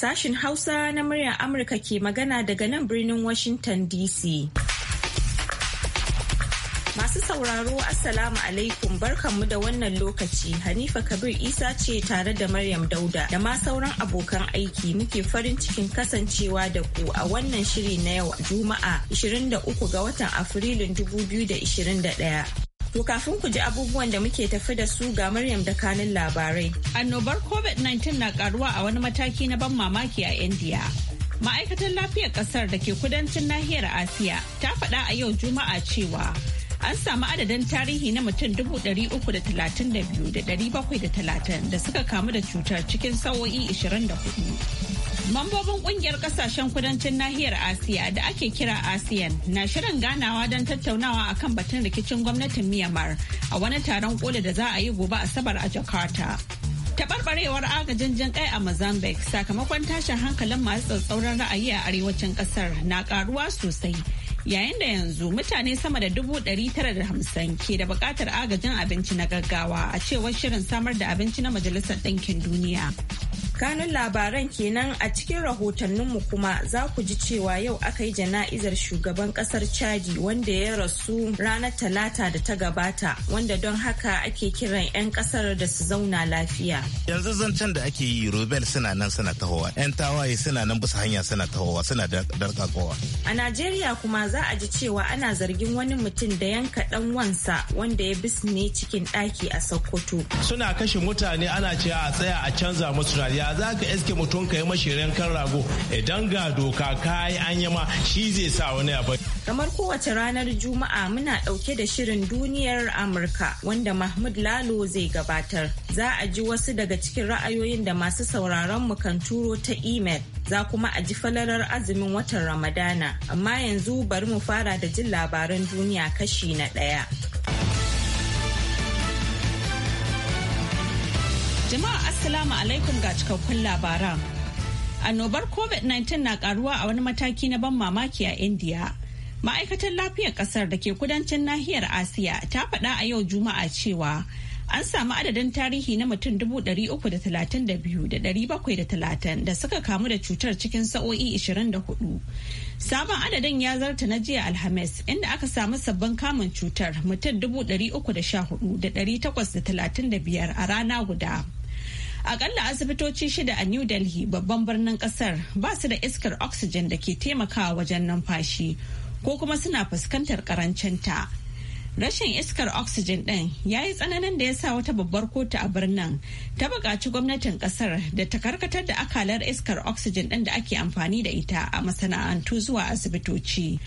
Sashin Hausa na muryar Amurka ke magana daga nan birnin Washington DC. Masu sauraro Assalamu alaikum barkanmu da wannan lokaci Hanifa Kabir Isa ce tare da Maryam Dauda da ma sauran abokan aiki muke farin cikin kasancewa da ku a wannan shiri na yau Juma'a 23 ga watan Afrilun 2021. To kafin ku ji abubuwan da muke tafi da su ga Maryam da kanin labarai. Annobar COVID-19 na karuwa a wani mataki na ban mamaki a India. Ma'aikatar lafiyar kasar da ke kudancin nahiyar Asiya ta faɗa a yau Juma'a cewa an samu adadin tarihi na mutum 332,730 da suka kamu da cutar cikin sa'o'i 24. Mambobin kungiyar kasashen kudancin nahiyar Asiya da ake kira ASEAN na shirin ganawa don tattaunawa a kan batun rikicin gwamnatin Myanmar a wani taron koli da za a yi gobe Asabar a Jakarta. Tabarbarewar agajin jin kai a Mozambique sakamakon tashin hankalin masu tsatsauran ra'ayi a arewacin kasar na karuwa sosai. Yayin da yanzu mutane sama da dubu ɗari tara da hamsin ke da buƙatar agajin abinci na gaggawa a cewar shirin samar da abinci na Majalisar Ɗinkin Duniya. Kanun labaran kenan a cikin rahotanninmu kuma za ku ji cewa yau aka yi jana'izar shugaban kasar Chadi wanda ya rasu ranar talata da ta gabata wanda don haka ake kiran 'yan kasar da su zauna lafiya. Yanzu zancen da ake yi Rubel suna nan suna tahowa, 'yan tawaye suna nan bisa hanya suna tahowa suna darkakowa. A Najeriya kuma za a ji cewa ana zargin wani mutum da yanka dan wansa wanda ya bisne cikin ɗaki a Sokoto. Suna kashe mutane ana cewa a tsaya a canza musu rayuwa za ka iske mutum ka yi mashi kan rago idan ga doka ka yi an shi zai sa wani abu. kamar kowace ranar juma'a muna ɗauke da shirin duniyar amurka wanda mahmud lalo zai gabatar za a ji wasu daga cikin ra'ayoyin da masu sauraron mu kan turo ta imel za kuma a ji falalar azumin watan ramadana amma yanzu bari mu fara da jin labaran duniya kashi na ɗaya. Jama'a Assalamu alaikum ga cikakkun labaran. Annobar COVID-19 na karuwa a wani mataki na ban mamaki a India. Ma'aikatar lafiyar kasar da ke kudancin nahiyar Asiya ta faɗa a yau Juma'a cewa an samu adadin tarihi na mutum 332,730 da suka kamu da cutar cikin sa'o'i 24. Sabon adadin ya zarta na jiya Alhamis inda aka samu sabbin kamun cutar mutum 314,835 a rana guda. Akalla asibitoci shida a New Delhi babban birnin kasar ba su da iskar oxygen da ke taimakawa wajen numfashi ko kuma suna fuskantar ta Rashin iskar oxygen ɗin ya yi tsananin da ya sa wata babbar kotu a birnin ta buƙaci gwamnatin ƙasar da ta karkatar da akalar iskar oxygen ɗin da ake amfani da ita a masana'antu zuwa asibitoci.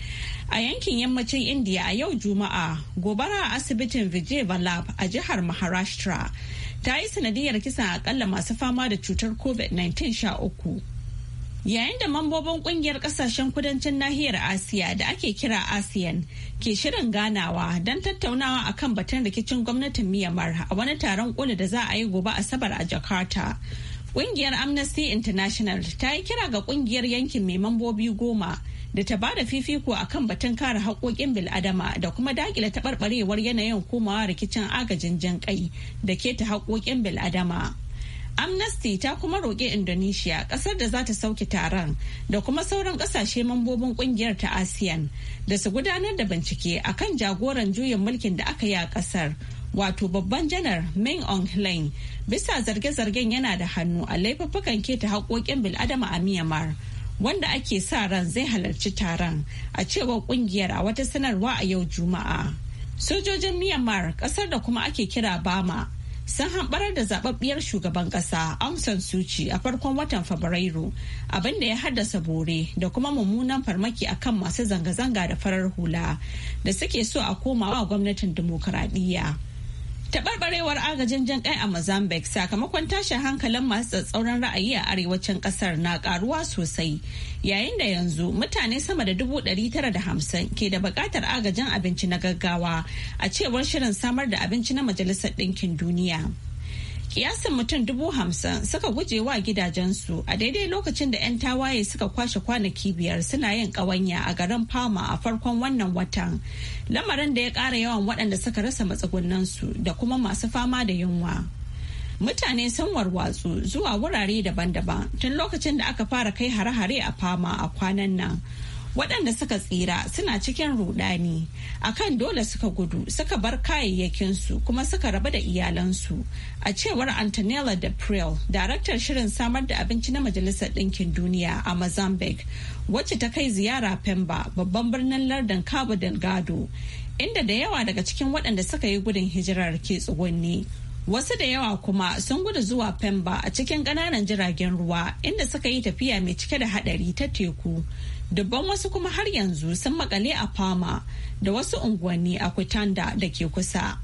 A yankin yammacin India a yau Juma'a, gobara a asibitin Vijay Vallabh a jihar Maharashtra. ta yi sanadiyar kisan akalla masu fama da cutar covid-19 sha uku yayin da mambobin kungiyar kasashen kudancin nahiyar asiya da ake kira asiyan ke shirin ganawa don tattaunawa a kan batun rikicin gwamnatin myanmar a wani taron koli da za a yi gobe asabar a jakarta kungiyar amnesty international ta yi kira ga kungiyar yankin mai mambobi goma da ta ba da fifiko a kan batun kare haƙoƙin bil'adama da kuma daƙile taɓarɓarewar yanayin komawa rikicin agajin jan ƙai da keta haƙoƙin bil'adama. amnesty ta kuma roƙe indonesia ƙasar da za ta sauke taron da kuma sauran ƙasashe mambobin ƙungiyar ta asiyan da su gudanar da bincike akan jagoran juyin mulkin da aka yi a ƙasar wato babban janar main Aung bisa zarge-zargen yana da hannu a laifuffukan keta haƙoƙin bil'adama a Myanmar wanda ake sa ran zai halarci taron a cewar kungiyar a wata sanarwa a yau juma'a sojojin myanmar kasar da kuma ake kira bama sun hambarar da zababbiyar shugaban kasa aung san suci a farkon watan fabrairu abinda ya haddasa bore da kuma mummunan farmaki akan masu zanga-zanga da farar hula da suke so a komawa gwamnatin dimokuraɗiyya. Taɓarɓarewar agajin jan kai a Mozambique sakamakon tashin hankalin masu tsatsauran ra'ayi a arewacin ƙasar na ƙaruwa sosai yayin da yanzu mutane sama da dubu ɗari tara da hamsin ke da buƙatar agajin abinci na gaggawa a cewar shirin samar da abinci na Majalisar Ɗinkin Duniya. kiyasin mutum dubu hamsin suka guje wa gidajensu a daidai lokacin da 'yan tawaye suka kwashe kwanaki biyar suna yin ƙawanya a garin palma a farkon wannan watan lamarin da ya kara yawan waɗanda suka rasa matsugunansu da kuma masu fama da yunwa mutane sun warwatsu zuwa wurare daban-daban tun lokacin da aka fara kai hare-hare a fama a kwanan nan waɗanda suka tsira suna cikin rudani akan dole suka gudu suka bar kayayyakinsu kuma suka raba da iyalansu a cewar antonella de Prel, daraktar shirin samar da abinci na majalisar ɗinkin duniya a mozambique wacce ta kai ziyara pemba babban birnin lardin cabo delgado inda da yawa daga cikin waɗanda suka yi gudun hijirar ke tsugunni wasu da yawa kuma sun gudu zuwa pemba a cikin ƙananan jiragen ruwa inda suka yi tafiya mai cike da haɗari ta teku dubban wasu kuma har yanzu sun makale a fama da wasu unguwanni a kutanda da ke kusa.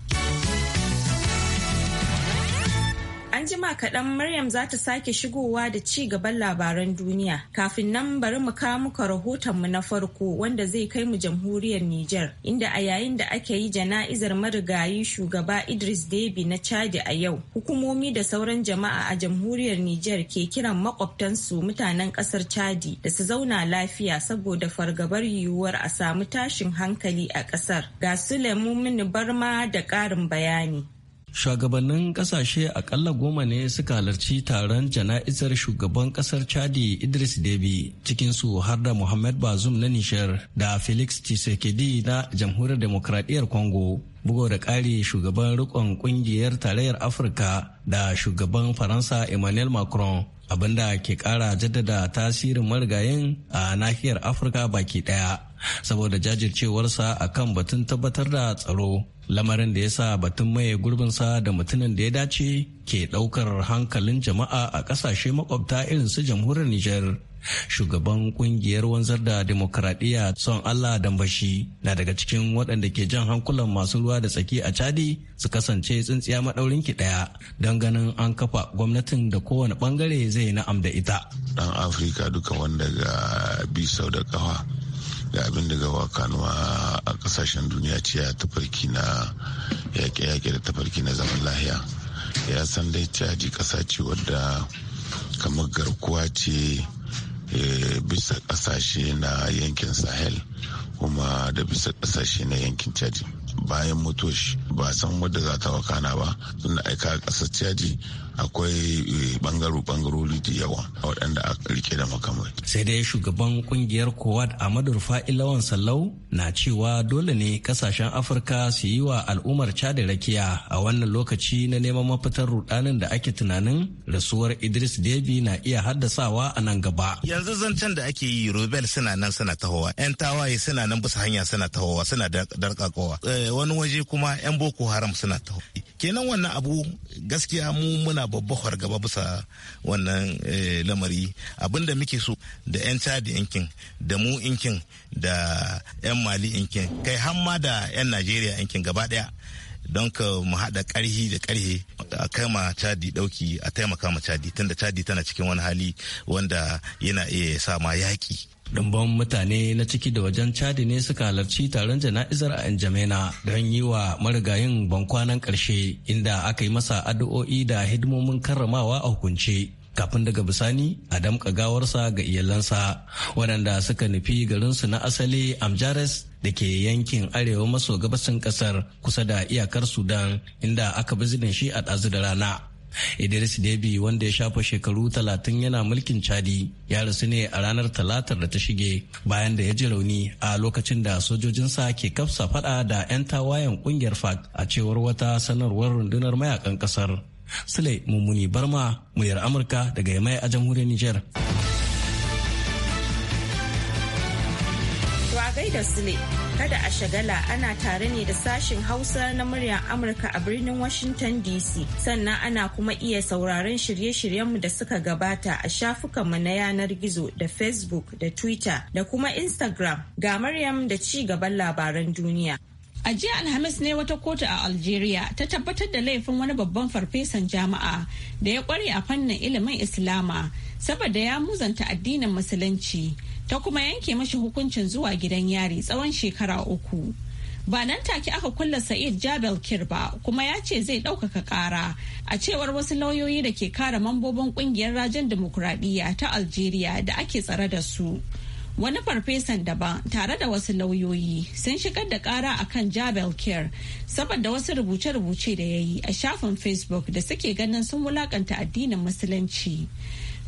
an jima kaɗan Maryam za ta sake shigowa da ci gaban labaran duniya. Kafin nan bari mu kamuka muka mu na farko wanda zai kai mu jamhuriyar Nijar, inda a yayin da ake yi jana'izar marigayi shugaba Idris Deby na Chadi a yau, hukumomi da sauran jama'a a jamhuriyar Nijar ke kiran makwabtansu mutanen ƙasar Chadi da su zauna lafiya saboda fargabar yiwuwar a samu tashin hankali a ƙasar. Ga Sulemu Barma da ƙarin bayani. Shugabannin kasashe akalla goma ne suka halarci taron jana'izar shugaban kasar Chadi Idris cikin cikinsu har da Muhammad Bazum na Nishar da Felix Tshisekedi na Jamhuriyar Demokradiyyar Congo. Bugo da ƙari shugaban rikon kungiyar tarayyar Afirka da shugaban Faransa Emmanuel Macron abinda ke kara jaddada tasirin marigayin a nahiyar afirka baki daya saboda jajircewarsa a kan batun tabbatar da tsaro lamarin da ya sa batun maye gurbinsa da mutumin da ya dace ke daukar hankalin jama'a a kasashe makwabta irin su jamhuriyar niger shugaban kungiyar wanzar da demokradiyya son allah da dambashi na daga cikin waɗanda ke jan hankulan masu ruwa da tsaki a chadi su kasance tsintsiya maɗaurin ki ɗaya don ganin an kafa gwamnatin da kowane ɓangare zai na'am da ita ɗan afirka duka wanda ga bisau da kafa ga abin da gawa kanuwa a kasashen duniya ce ya tafarki na yaƙe-yaƙe da tafarki na zaman lahiya ya san dai caji ƙasa ce wadda kamar garkuwa ce Eh, bisa kasashe na yankin sahel kuma da bisa kasashe na yankin caji bayan mutuwar ba san wadda za ta wakana ba tun da aika kasa caji akwai bangaro eh, bangarori da yawa waɗanda a rike da makamai. sai dai shugaban kungiyar kowad amadu rufa'i lawan sallau na cewa dole ne kasashen afirka su yi wa al'ummar da rakiya a wannan lokaci na neman mafitar rudanin da ake tunanin rasuwar idris debi na iya haddasawa a nan gaba yanzu zancen da ake yi rubel suna nan suna tahowa yan tawaye suna nan bisa hanya suna tahowa suna darkakowa eh, wani waje kuma yan boko haram suna ta kenan wannan abu gaskiya mu muna babba fargaba bisa wannan eh, lamari abinda muke so da 'yan chadi inkin da mu inkin da 'yan mali inkin kai hamma da 'yan najeriya inkin gaba daya don ka mu haɗa ƙarhi da ƙarhe a kai ma cadi ɗauki a taimaka ma cadi tunda cadi tana cikin wani hali wanda yana iya sa ma yaƙi Ɗumban mutane na ciki da wajen cadi ne suka halarci taron jana'izar a Njamena don yi wa marigayin bankwanan ƙarshe inda aka yi masa addu'o'i da hidimomin karramawa a hukunce. kafin daga bisani a damka gawarsa ga iyalansa waɗanda suka nufi garinsu na asali amjares da ke yankin arewa maso gabasin ƙasar kusa da iyakar sudan inda aka bi bizinin shi a ɗazu da rana idris debi wanda ya shafa shekaru talatin yana mulkin chadi ya rasu ne a ranar talatar da ta shige bayan da ya ji rauni a lokacin da sojojinsa ke kafsa fada da 'yan tawayen kungiyar fac a cewar wata sanarwar rundunar mayakan kasar Sule Mummuni Barma, muryar Amurka daga Yamai a jamhuriyar Nijar. da Sule, kada a shagala ana tare ne da sashin Hausa na muryar Amurka a birnin Washington DC. Sannan ana kuma iya sauraron shirye-shiryenmu da suka gabata a shafukanmu na yanar gizo da Facebook da Twitter da kuma Instagram ga Maryam da ci gaban labaran duniya. A jiya Alhamis ne wata kotu a Algeria ta tabbatar da laifin wani babban farfesan jama'a da ya kware a fannin ilimin Islama saboda ya muzanta addinin Musulunci ta kuma yanke mashi hukuncin zuwa gidan yari tsawon shekara uku. Ba nan take aka kulla Sa'id Jabel Kirba kuma ya ce zai ɗaukaka ƙara a cewar wasu lauyoyi da ke kare mambobin ƙungiyar rajin dimokuraɗiyya ta Algeria da ake tsare da su. wani farfesan daban tare da wasu lauyoyi sun shigar da kara a kan jabel care saboda wasu rubuce-rubuce da ya yi a shafin facebook da suke ganin sun wulakanta addinin musulunci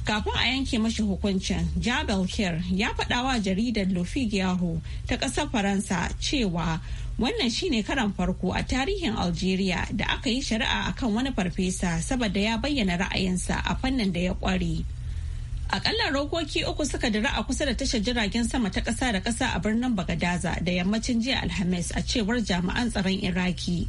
kafin a yanke mashi hukuncin jabel care ya faɗa wa jaridar lofigiyahu ta ƙasar faransa cewa wannan shine karan farko a tarihin algeria da aka yi shari'a akan wani farfesa saboda ya bayyana ra'ayinsa a fannin da ya ƙware. Akalla rokoki uku suka dira a kusa da tashar jiragen sama ta ƙasa da ƙasa a birnin Bagadaza da yammacin jiya Alhamis a cewar jami'an tsaron Iraki.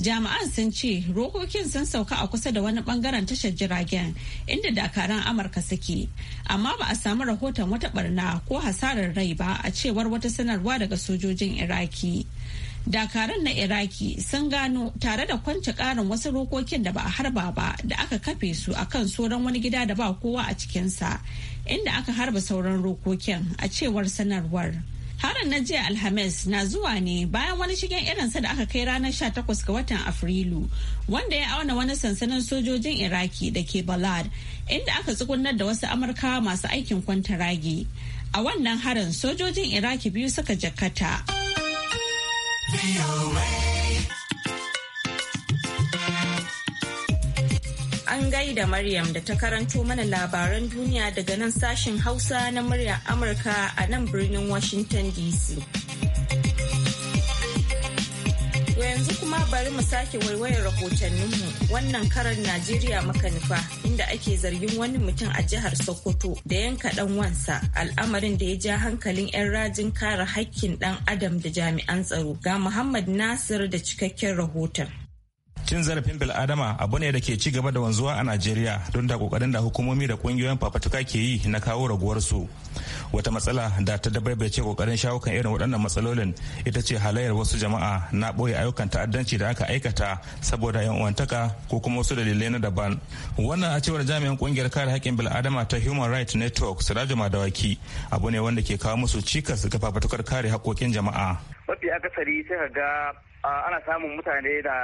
Jami'an sun ce rokokin sun sauka a kusa da wani bangaren tashar jiragen inda dakaran Amurka suke. Amma ba a samu rahoton wata barna ko hasarar rai ba a cewar wata sanarwa daga sojojin Iraki. dakaran na iraki sun gano tare da kwance karin wasu rokokin da ba a harba ba da aka kafe su a kan soron wani gida da ba kowa a cikinsa inda aka harba sauran rokokin a cewar sanarwar harin na jiya alhamis na zuwa ne bayan wani shigen irinsa da aka kai ranar 18 ga watan afrilu wanda ya auna wani sansanin sojojin iraki da ke balad inda aka tsugunar da wasu amurkawa masu aikin kwantaragi a wannan harin sojojin iraki biyu suka jakata. An gaida Maryam da ta karanto mana labaran duniya daga nan sashin Hausa na muryar Amurka a nan birnin Washington DC. yanzu kuma bari mu sake waiwayar rahotanninmu wannan karar Najeriya muka nufa inda ake zargin wani mutum a jihar Sokoto da yanka dan wansa al'amarin da ya ja hankalin 'yan rajin kare hakkin dan adam da jami'an tsaro ga Muhammad Nasir da cikakken rahoton. cin zarafin bil'adama abu ne da ke ci gaba da wanzuwa a najeriya don da kokarin da hukumomi da kungiyoyin fafatuka ke yi na kawo raguwarsu wata matsala da ta dabaibace kokarin shawo kan irin waɗannan matsalolin ita ce halayyar wasu jama'a na ɓoye ayyukan ta'addanci da aka aikata saboda yan uwantaka ko kuma wasu dalilai na daban wannan a cewar jami'an kungiyar kare haƙƙin bil'adama ta human rights network da madawaki abu ne wanda ke kawo musu cikas ga fafatukar kare haƙƙoƙin jama'a mafi akasari sai ka ga ana samun mutane da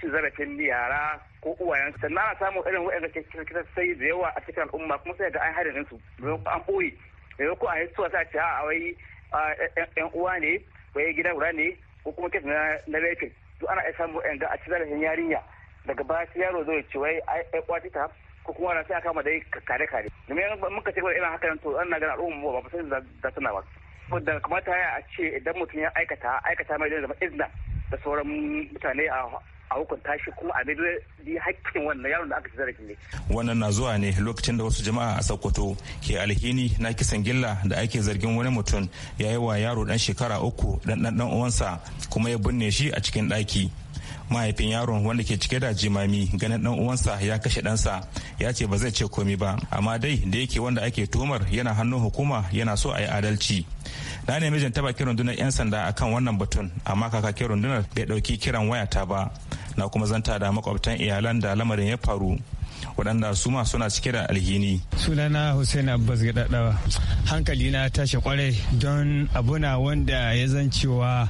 shi zarafin yara ko uwayen sannan ana samun irin wa'anda kisa sai da yawa a cikin al'umma kuma sai ga an harin su an ɓoye da ko a hitsuwa sa ce a wai yan uwa ne wai gida guda ne ko kuma kisa na laifin to ana iya samun wa'anda a cikin zarafin yarinya daga baya sai yaro zai ce wai ai kwati ta ko kuma na sai aka kama dai kare kare domin muka ce irin haka nan to na gana al'umma ba ba sai da suna ba da kamata a ce idan mutum ya aikata aikata mai zama izna da sauran mutane a hukunta shi kuma a bi hakkin wannan yaron da aka ci zarafi ne. Wannan na zuwa ne lokacin da wasu jama'a a Sokoto ke alhini na kisan gilla da ake zargin wani mutum ya yi wa yaro dan shekara uku dan dan uwansa kuma ya binne shi a cikin ɗaki. mahaifin yaron wanda ke cike da jimami ganin dan uwansa ya kashe ɗansa ya ce ba zai ce komi ba amma dai da yake wanda ake tuhumar yana hannun hukuma yana so a yi adalci na ne mijin taba kiran dunar 'yan sanda akan wannan batun amma kaka kiran dunar bai ɗauki kiran wayata ba na kuma zanta da makwabtan iyalan da lamarin ya faru waɗanda su ma suna cike da alhini. sunana hussein abbas gadadawa hankali na tashi kwarai don abuna wanda ya zan cewa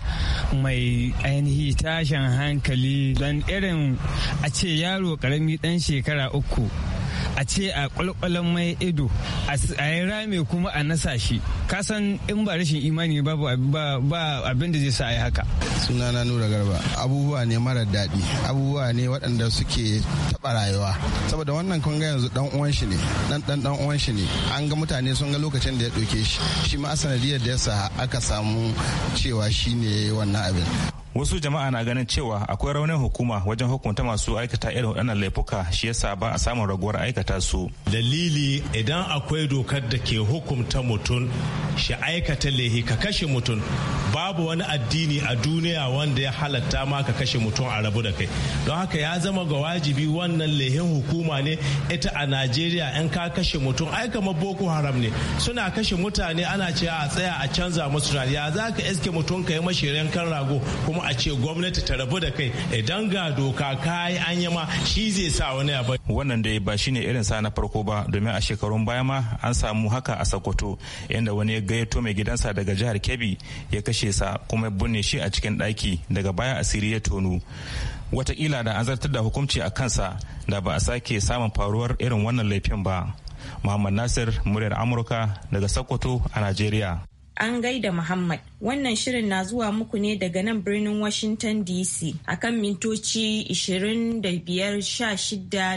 mai ainihi tashin hankali don irin a ce yaro karami dan shekara uku a ce a kwalkwalon mai ido a yi rame kuma a nasa shi kasan in ba rashin imani ba abin da zai sa yi haka sunana nura garba abubuwa ne mara daɗi abubuwa ne waɗanda suke taɓa rayuwa saboda wannan kun ga yanzu dan uwan shi ne dan dan dan uwan shi ne an ga mutane sun ga lokacin da ya ɗauke shi shi ma sanadiyar da ya sa aka samu cewa shi ne wannan abin wasu jama'a na ganin cewa akwai raunin hukuma wajen hukunta masu aikata irin waɗannan laifuka shi yasa ba a samun raguwar aikata su dalili idan akwai dokar da ke hukunta mutum shi aikata laifi ka kashe mutum babu wani addini a duniya wanda ya halatta ma ka kashe mutum a rabu da kai don haka ya zama ga wajibi wannan laifin hukuma ne ita a najeriya in ka kashe mutum ai kamar boko haram ne suna kashe mutane ana ce a tsaya a canza musu ya za ka iske mutum ka yi mashi kan rago kuma a ce gwamnati ta rabu da kai idan ga doka kayi an yi ma shi zai sa wani abu wannan dai ba shine irin sa na farko ba domin a shekarun baya ma an samu haka a Sokoto inda wani ya gayyato mai gidansa daga jihar Kebbi ya kashe sa kuma binne shi a cikin ɗaki daga baya asiri ya tonu watakila da an zartar da hukunci a kansa da ba a sake samun faruwar irin wannan laifin ba muhammad nasir muryar amurka daga sokoto a najeriya An gaida Muhammad. Wannan shirin na zuwa muku ne daga nan birnin Washington DC a kan mintoci sha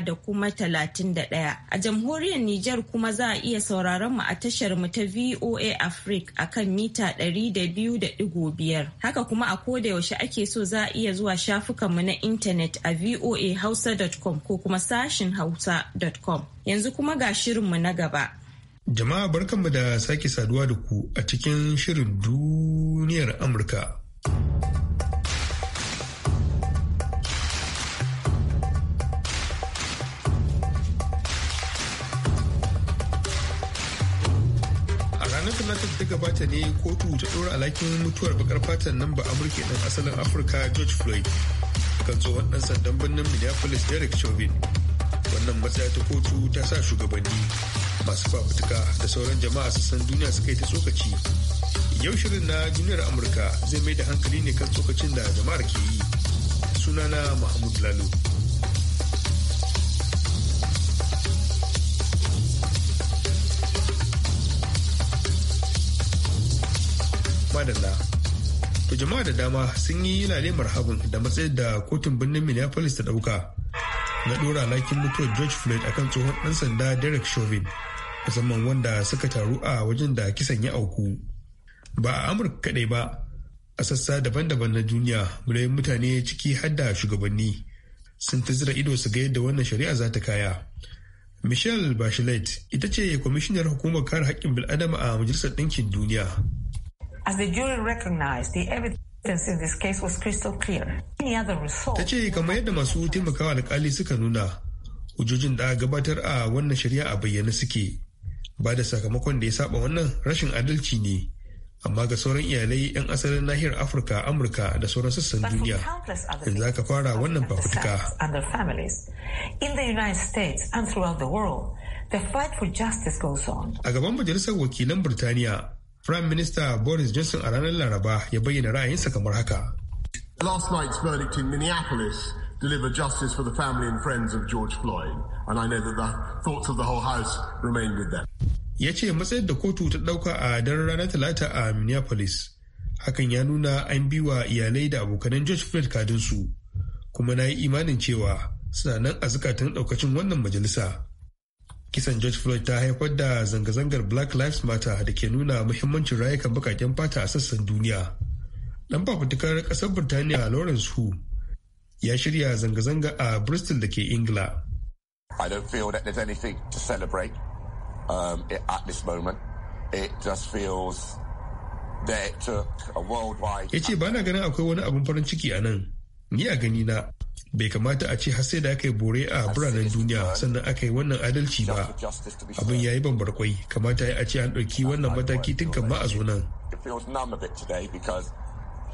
da kuma 31. A jamhuriyar Nijar kuma za a iya sauraron mu a tashar mu ta VOA Africa a kan mita 200.5. Haka kuma a koda yaushe ake so za a iya zuwa shafukanmu na intanet a voahausa.com ko kuma sashin hausa.com. Yanzu kuma ga shirinmu na gaba. Jama'a barkanmu da sake saduwa da ku a cikin shirin duniyar Amurka. a ranar ta gabata ne kotu ta ɗora alhakin mutuwar bakar fatan nan ba amurka ɗan asalin afirka george floyd kan tsohon ɗan sandan birnin minneapolis derek chauvin wannan matsaya ta kotu ta sa shugabanni masu fafutuka da sauran jama'a su san duniya suka yi ta tsokaci yau shirin na duniyar amurka zai mai da hankali ne kan tsokacin da jama'ar ke yi sunana mahmud lalo madalla to jama'a da dama sun yi lalemar habun da matsayin da kotun birnin minneapolis ta dauka na dora lakin mutuwar george floyd akan tsohon dan sanda derek chauvin musamman wanda suka taru a wajen da kisan ya auku ba a amurka kaɗai ba a sassa daban-daban na duniya miliyoyin mutane ciki har da shugabanni sun ta zira ido su ga yadda wannan shari'a za ta kaya michelle bachelet ita ce kwamishinar hukumar kare haƙƙin bil'adama a majalisar ɗinkin duniya as the jury recognized the evidence Ta ce kamar yadda masu taimakawa alƙali suka nuna hujjojin da gabatar a wannan shari'a a bayyane suke ba da sakamakon da ya saba wannan rashin adalci ne amma ga sauran iyalai 'yan asalin nahiyar afirka amurka da sauran sassan duniya in za ka fara wannan fafutuka a gaban majalisar wakilan birtaniya prime minister boris johnson a ranar laraba ya bayyana ra'ayinsa kamar haka last night's verdict deliver justice for the family and friends of George Floyd. And I know that the thoughts of the whole House remain with them. Ya ce matsayin da kotu ta ɗauka a daren ranar Talata a Minneapolis. Hakan ya nuna an wa iyalai da abokanan George Floyd kadinsu. Kuma na yi imanin cewa suna nan a zukatan ɗaukacin wannan majalisa. Kisan George Floyd ta haifar da zanga-zangar Black Lives Matter da ke nuna muhimmancin rayukan bakaken fata a sassan duniya. Dan fafutukar ƙasar Birtaniya Lawrence Hu ya shirya zanga-zanga a Bristol da ke Ingila. I don't feel that there's anything to celebrate um, at this moment. It just feels that it took a worldwide... Ya ce ba na ganin akwai wani abin farin ciki a nan. Ni a gani na bai kamata a ce har sai da aka yi bore a biranen duniya sannan aka yi wannan adalci ba abin ya yi bambarkwai kamata ya a ce an ɗauki wannan mataki tun kan a zo nan.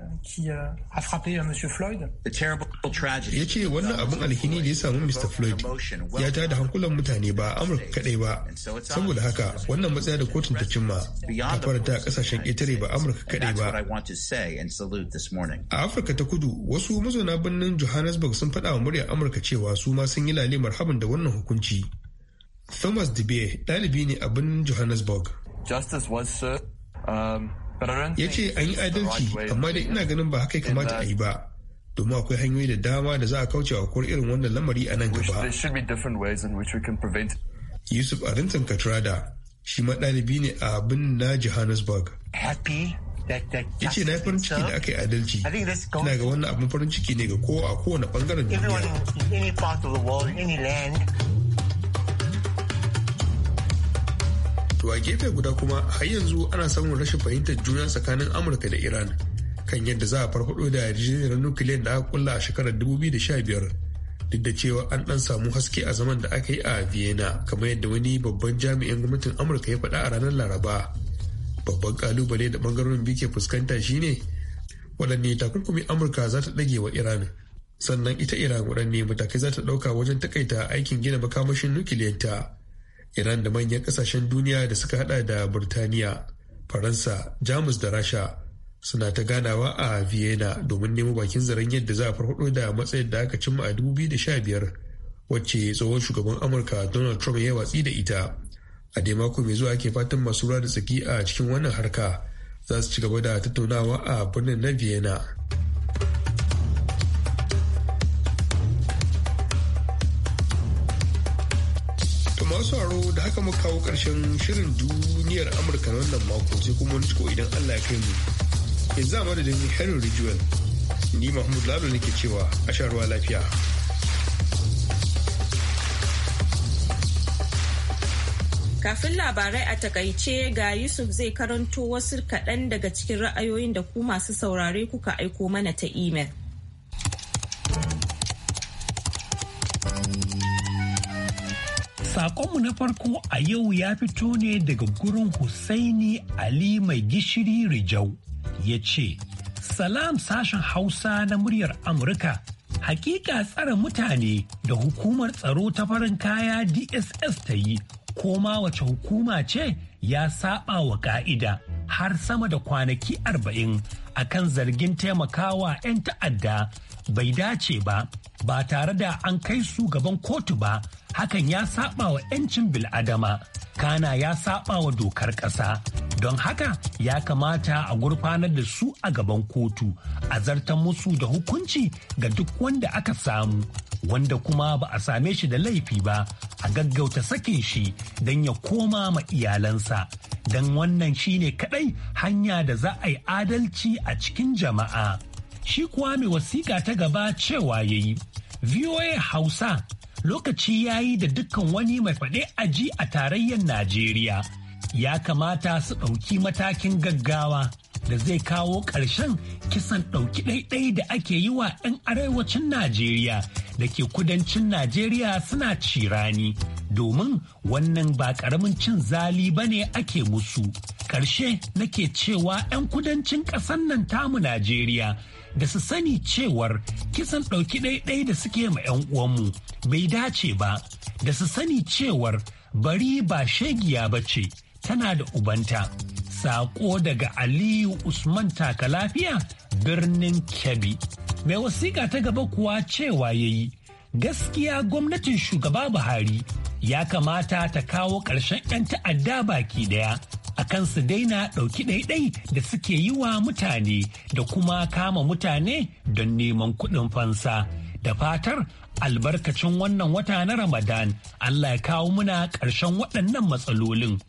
Euh, euh, a euh, Ya ce wannan abin alhini da ya samu Mr. Floyd ya ta da hankulan mutane ba Amurka kadai ba. Saboda haka wannan matsaya da kotun ta cimma ta a kasashen ƙetare ba Amurka kadai ba. A Afirka ta kudu wasu mazauna birnin Johannesburg sun faɗa wa muryar Amurka cewa su ma sun yi lale marhaban da wannan hukunci. Thomas Dubé ɗalibi ne a birnin Johannesburg. Justice was, Um... ya ce an yi adalci amma da ina ganin ba haka kamata a yi ba domin akwai hanyoyi da dama da za a kauce wa kuwar irin wannan lamari a nan gaba. Yusuf Arintan Katrada shi ma ɗalibi ne a abin na Johannesburg. Ya ce na farin ciki da aka yi adalci. Ina ga wannan abin farin ciki ne ga kowa a kowane ɓangaren duniya. To a gefe guda kuma har yanzu ana samun rashin fahimtar juna tsakanin Amurka da Iran kan yadda za a farfado da yarjejeniyar nukiliyar da aka kulla a shekarar 2015 duk da cewa an dan samu haske a zaman da aka yi a Vienna kamar yadda wani babban jami'in gwamnatin Amurka ya faɗa a ranar Laraba. Babban kalubale da bangarorin biyu ke fuskanta shine waɗanne takunkumin Amurka za ta ɗage wa Iran sannan ita Iran waɗanne matakai za ta ɗauka wajen takaita aikin gina makamashin nukiliyanta. iran da manyan kasashen duniya da suka hada da burtaniya faransa jamus da rasha suna ta ganawa a vienna domin nemo bakin zaren yadda za a farfado da matsayin da aka cimma a 2015 wacce tsohon shugaban amurka donald trump ya watsi da ita a dai mako mai zuwa ake fatan masu ruwa da tsaki a cikin wannan harka za su ci gaba da tattaunawa a birnin na vienna masu aro da haka muka kawo karshen shirin duniyar amurka na wannan mako sai kuma wani ciko idan allah ya kai mu yanzu a madadin henry rijuwal ni mahmud lalo nake cewa a sha ruwa lafiya kafin labarai a takaice ga yusuf zai karanto wasu kaɗan daga cikin ra'ayoyin da ku masu saurare kuka aiko mana ta imel Sakonmu na farko a yau ya fito ne daga gurin Husaini Ali mai gishiri Rijau ya ce, Salam sashen Hausa na muryar Amurka, hakika tsare mutane da hukumar tsaro ta farin kaya DSS ta yi, koma wace hukuma ce ya saba wa ka'ida. har sama da kwanaki arba'in a kan zargin taimakawa 'yan ta'adda bai dace ba ba tare da an kai su gaban kotu ba hakan ya saba wa 'yancin bil'adama kana ya saba wa dokar ƙasa don haka ya kamata a gurfanar da su a gaban kotu a zartar musu da hukunci ga duk wanda aka samu wanda kuma ba a same shi da laifi ba a gaggauta sake shi don ya koma ma iyalansa don wannan shi ne kaɗai hanya da za a yi adalci a cikin jama'a. Shi kuwa mai wasiƙa ta gaba cewa ya yi, VOA Hausa lokaci ya yi da dukkan wani mai faɗe aji a tarayyar Najeriya ya kamata su ɗauki matakin gaggawa da zai kawo ƙarshen kisan ɗauki ɗaiɗai da ake yi wa 'yan arewacin Najeriya da ke kudancin Najeriya suna cirani domin wannan ba ƙaramin cin zali ba ne ake musu. Ƙarshe nake cewa 'yan kudancin ƙasan nan tamu Najeriya da su sani cewar kisan ɗauki ɗaiɗai da suke ma 'yan uwanmu bai dace ba da su sani cewar bari ba shegiya ba ce. tana da ubanta. saƙo daga Aliyu Usman taka lafiya birnin Kebbi. Mai wasiƙa ta gaba kuwa cewa ya yi, gaskiya gwamnatin shugaba Buhari ya kamata ta kawo ƙarshen 'yan ta'adda baki ɗaya. a kan su daina ɗauki ɗaiɗai da suke yi wa mutane da kuma kama mutane don neman kuɗin fansa. Da fatar albarkacin wannan wata na Ramadan Allah ya kawo muna ƙarshen waɗannan matsalolin.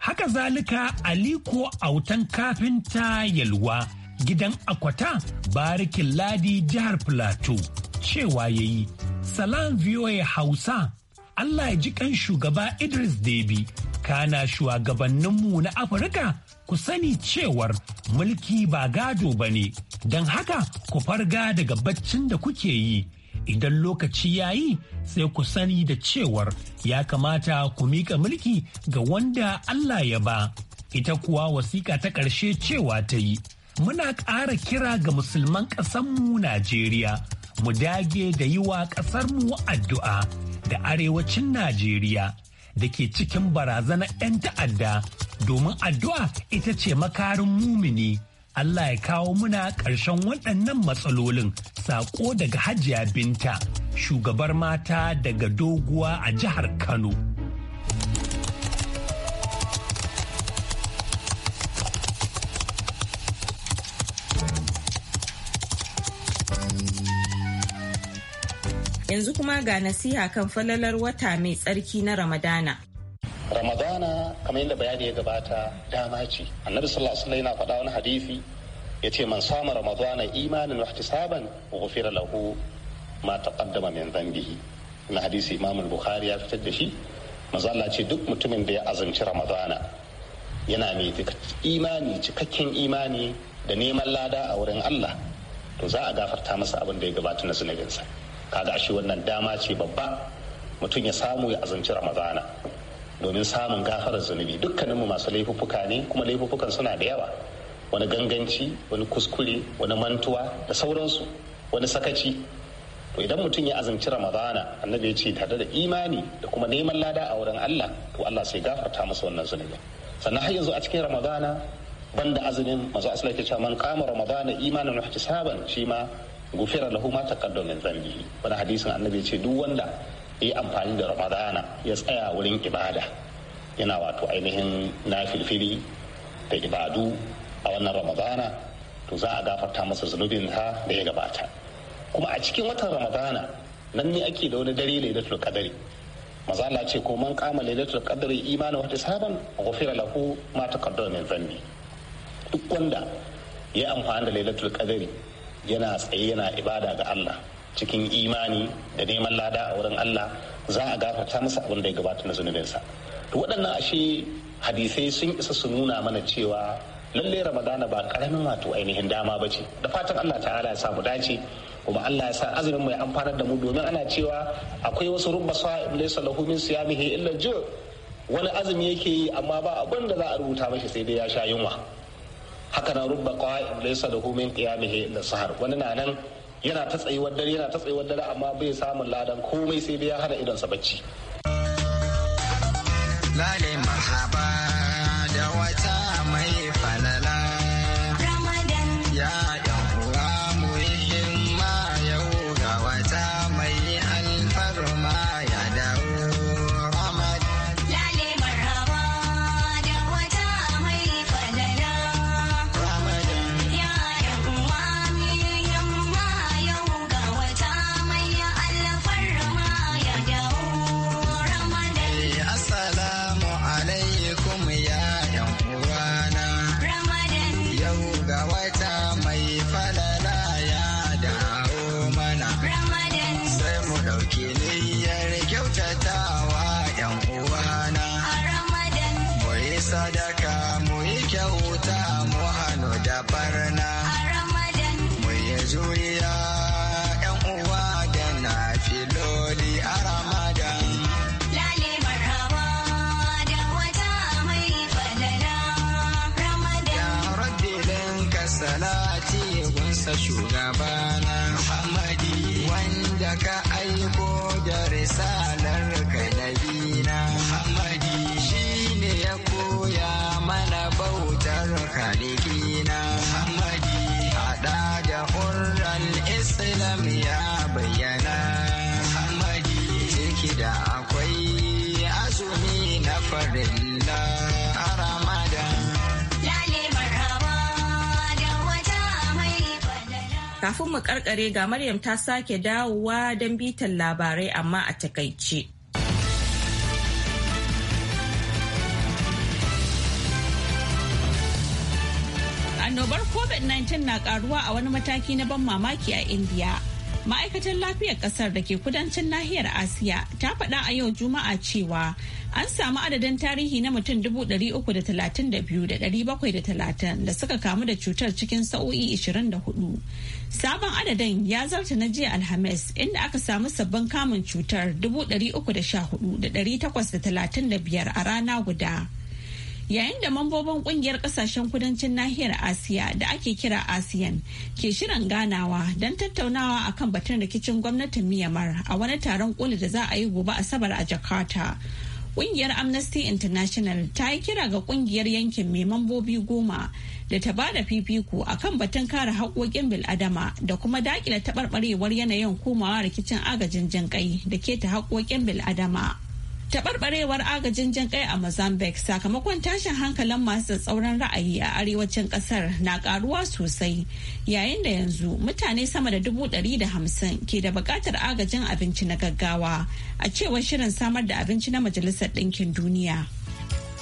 Haka zalika Aliko autan kafinta yalwa gidan akwata barikin ladi jihar Filato cewa ya yi salam VOA Hausa Allah ya ji kan shugaba Idris Debi kana shugabanninmu na Afirka ku sani cewar mulki ba gado ba ne don haka ku farga daga baccin da kuke yi idan lokaci ya yi sai ku sani da cewar ya kamata ku miƙa mulki ga wanda Allah ya ba. Ita kuwa wasiƙa ta ƙarshe cewa ta yi, muna ƙara kira ga musulman ƙasanmu Najeriya, mu dage da yi wa ƙasarmu addu'a da arewacin Najeriya da ke cikin barazana 'yan ta'adda domin addu'a ita ce makarin mumini. Allah ya kawo muna ƙarshen waɗannan matsalolin saƙo daga Hajiya Binta, shugabar mata daga doguwa a jihar Kano. Yanzu kuma ga nasiha kan falalar wata mai tsarki na Ramadana. ramadana kamar yadda bayani ya gabata dama ce annabi sallallahu alaihi wasallam yana faɗa wani hadisi yace man sama ramadana imanin wa ihtisaban ghufira lahu ma taqaddama min dhanbihi na hadisi imam bukhari ya fitar da shi manzo Allah ce duk mutumin da ya azumci ramadana yana mai imani cikakken imani da neman lada a wurin Allah to za a gafarta masa abin da ya gabata na zunubinsa kaga shi wannan dama ce babba mutum ya samu ya azumci ramadana domin samun gafarar zunubi dukkaninmu masu laifuffuka ne kuma laifuffukan suna da yawa wani ganganci wani kuskure wani mantuwa da sauransu wani sakaci to idan mutum ya azumci ramadana annabi ya ce tare da imani da kuma neman lada a wurin allah to allah sai gafarta masa wannan zunubi sannan har yanzu a cikin ramadana banda azumin masu asali ke cewa man kama ramadana imanin wahtisaban shi ma gufira lahu ma taqaddama min dhanbihi wani hadisin annabi ya ce duk wanda yi amfani da ramadana ya tsaya wurin ibada yana wato ainihin na filfili da ibadu a wannan ramadana to za a gafarta masa zunubin ta da ya gabata kuma a cikin watan ramadana nan ne ake da wani dare lailatul qadari maza ce ko man kama lailatul qadari imani wata saban ghufira lahu ma taqaddama min dhanbi duk wanda ya amfani da lailatul qadari yana tsaye yana ibada ga Allah cikin imani da neman lada a wurin Allah za a gafarta masa abin da ya gabata na zunubinsa to waɗannan ashe hadisai sun isa su nuna mana cewa lalle ramadana ba karamin wato ainihin dama ba ce da fatan Allah ta'ala ya sa mu dace kuma Allah ya sa azumin mai amfanar da mu domin ana cewa akwai wasu rubba sa'im laysa lahu min siyamihi illa ju' wani azumi yake yi amma ba abin da za a rubuta mashi sai dai ya sha yunwa haka nan rubba qa'im laysa lahu min qiyamihi illa sahar wani na nan yana ta tsayuwar dare yana ta tsayuwar dare amma bai samun ladan komai sai dai ya hana idonsa bacci lale mahaba da wata mai falala ramadan ya dan uwa mu yau ga wata mai isa shugabana Muhammadi wanda ka aiko da risala Kafin mu karkare ga Maryam ta sake dawowa don bitan labarai amma a takaice. Annobar COVID-19 na karuwa a wani mataki na ban mamaki a India. ma'aikatar lafiyar kasar da ke kudancin nahiyar asiya ta faɗa a yau juma'a cewa an samu adadin tarihi na mutum 332,730 da suka kamu da cutar cikin sa'o'i 24 sabon adadin ya zarta na jiya alhamis inda aka samu sabbin kamun cutar 314,835 a rana guda. Yayin da mambobin kungiyar kasashen kudancin nahiyar Asiya da ake kira ASEAN ke shirin ganawa don tattaunawa akan batun rikicin gwamnatin Myanmar a wani taron koli da za a yi gobe Asabar a Jakarta. Kungiyar Amnesty International ta yi kira ga kungiyar yankin mai mambobi goma da ta ba da fifiko a kan batun kare haƙoƙin bil'adama da kuma dakila taɓarɓarewar yanayin komawa rikicin agajin jinƙai da keta haƙoƙin bil'adama. taɓarɓarewar agajin jin kai a mozambique sakamakon tashin hankalin masu tsauran ra'ayi a arewacin ƙasar na ƙaruwa sosai yayin da yanzu mutane sama da dubu ɗari da hamsin ke da buƙatar agajin abinci na gaggawa a cewar shirin samar da abinci na majalisar ɗinkin duniya.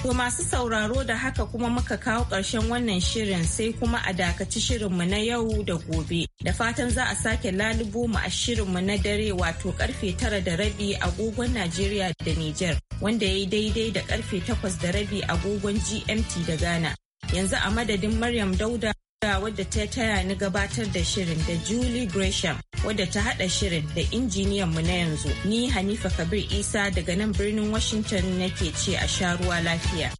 To masu sauraro da haka kuma muka kawo ƙarshen wannan shirin sai kuma a dakaci shirinmu na yau da gobe. Da fatan za a sake lalubo mu a shirinmu na dare wato karfe tara da rabi agogon Najeriya da Nijar wanda ya yi daidai da karfe takwas da rabi agogon GMT da Ghana. Yanzu a madadin Maryam Dauda da wadda ta taya ni gabatar da shirin da Julie Gresham wadda ta hada shirin da injiniyan mu na yanzu ni Hanifa Kabir Isa daga nan birnin Washington nake ce a sha ruwa lafiya.